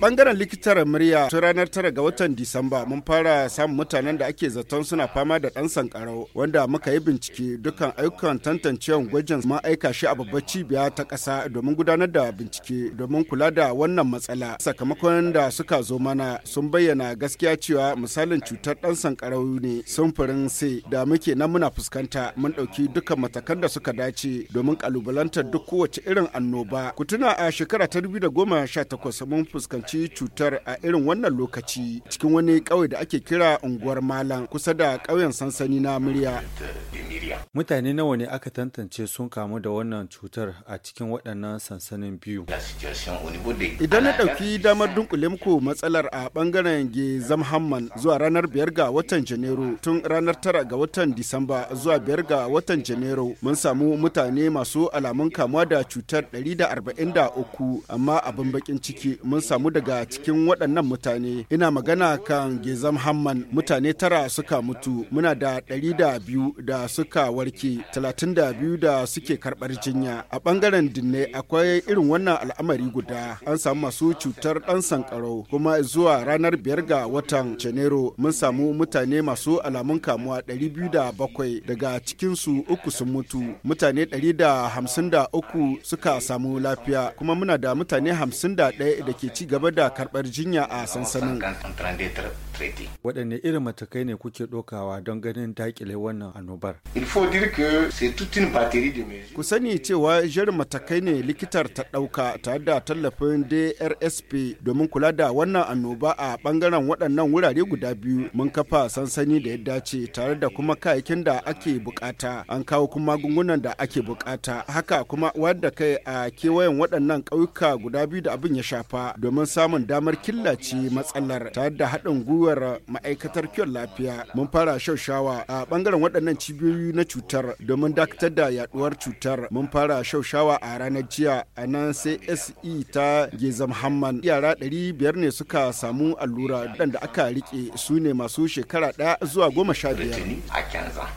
Bangaren likitar murya tun ranar tara ga watan Disamba mun fara samun mutanen da ake zaton suna fama da ɗan sankarau wanda muka yi bincike dukkan ayyukan tantancewan gwajin ma aika shi a babbar cibiya ta ƙasa domin gudanar da bincike domin kula da wannan matsala. Sakamakon da suka zo mana sun bayyana gaskiya cewa misalin cutar ɗan sankarau ne sumfurin sai da muke nan muna fuskanta mun ɗauki dukkan matakan da suka dace domin kalubalantar duk kowace irin annoba. kutuna a shekara ta 2018 takwas mun fuskanci cutar a irin wannan lokaci cikin wani ƙauye da ake kira unguwar Malam kusa da ƙauyen sansani na murya. Najeriya. Mutane nawa ne aka tantance sun kamu da wannan cutar a cikin waɗannan sansanin biyu? Idan na ɗauki damar dunkule muku matsalar a ɓangaren ge Hamman zuwa ranar biyar ga watan Janairu tun ranar tara ga watan Disamba zuwa biyar ga watan Janairu mun samu mutane masu alamun kamuwa da cutar 143 amma abin bakin ciki mun samu daga cikin waɗannan mutane ina magana kan ge zamhamman mutane tara suka mutu muna da 102 da suka suka warke 32 da suke karbar jinya a bangaren dinne akwai irin wannan al'amari guda an samu masu cutar dan sankarau kuma zuwa ranar biyar ga watan janairu mun samu mutane masu alamun kamuwa 207 daga cikinsu uku sun mutu mutane 153 suka samu lafiya kuma muna da mutane 51 da ke ci gaba da karbar jinya a sansanin traité. Waɗanne irin matakai ne kuke ɗokawa don ganin dakile wannan annobar? Il faut dire que c'est toute une batterie de mesures. Ku sani cewa jerin matakai ne likitar ta ɗauka tare da tallafin DRSP domin kula da wannan annoba a bangaren waɗannan wurare guda biyu mun kafa sansani da ya dace tare da kuma kayakin da ake bukata an kawo kuma magungunan da ake bukata haka kuma wadda kai a kewayen waɗannan ƙauyuka guda biyu da abin ya shafa domin samun damar killace matsalar tare da haɗin gwiwa gwiwar ma'aikatar kyon lafiya mun fara shaushawa a bangaren waɗannan cibiyoyi na cutar domin dakatar da yaduwar cutar mun fara shaushawa a ranar jiya a nan sai se ta geza muhammad yara ɗari biyar ne suka samu allura waɗanda aka rike su ne masu shekara ɗaya zuwa goma sha biyar